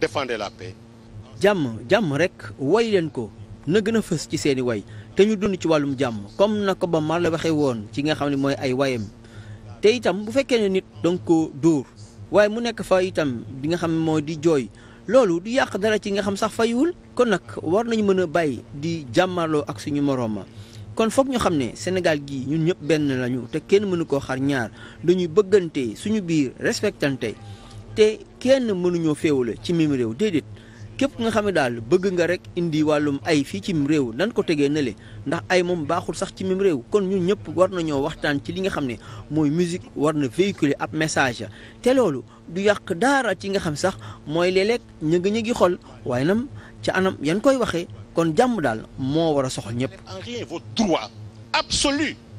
défendez la paix. jàmm jàmm rek way leen ko na gën a fës ci seeni way te ñu dund ci wàllum jàmm comme na ko ba mar la waxee woon ci nga xam ne mooy ay wayam te itam bu fekkee ne nit danga ko dóor waaye mu nekk fa itam di nga xam ne moo di jooy loolu du yàq dara ci nga xam sax fayiwul kon nag war nañu mën a bàyyi di jàmmarloo ak suñu morooma kon foog ñu xam ne Sénégal gii ñun ñëpp benn lañu te kenn mënu koo xarñaar ñaar dañuy bëggante suñu biir respectante te kenn mënuñoo féewale ci mim réew déedéet képp nga xam ne daal bëgg nga rek indi wàllum ay fii ci mim réew nan ko tegee na ndax ay moom baaxul sax ci mim réew kon ñun ñëpp war nañoo waxtaan ci li nga xam ne mooy musique war na véhiculer ab message te loolu du yàq daara ci nga xam sax mooy léeg-léeg ñëngi ñëgi xol waaye nam ci anam yan koy waxee kon jàmm daal moo war a soxal ñëpp. en rien votre droit absolu.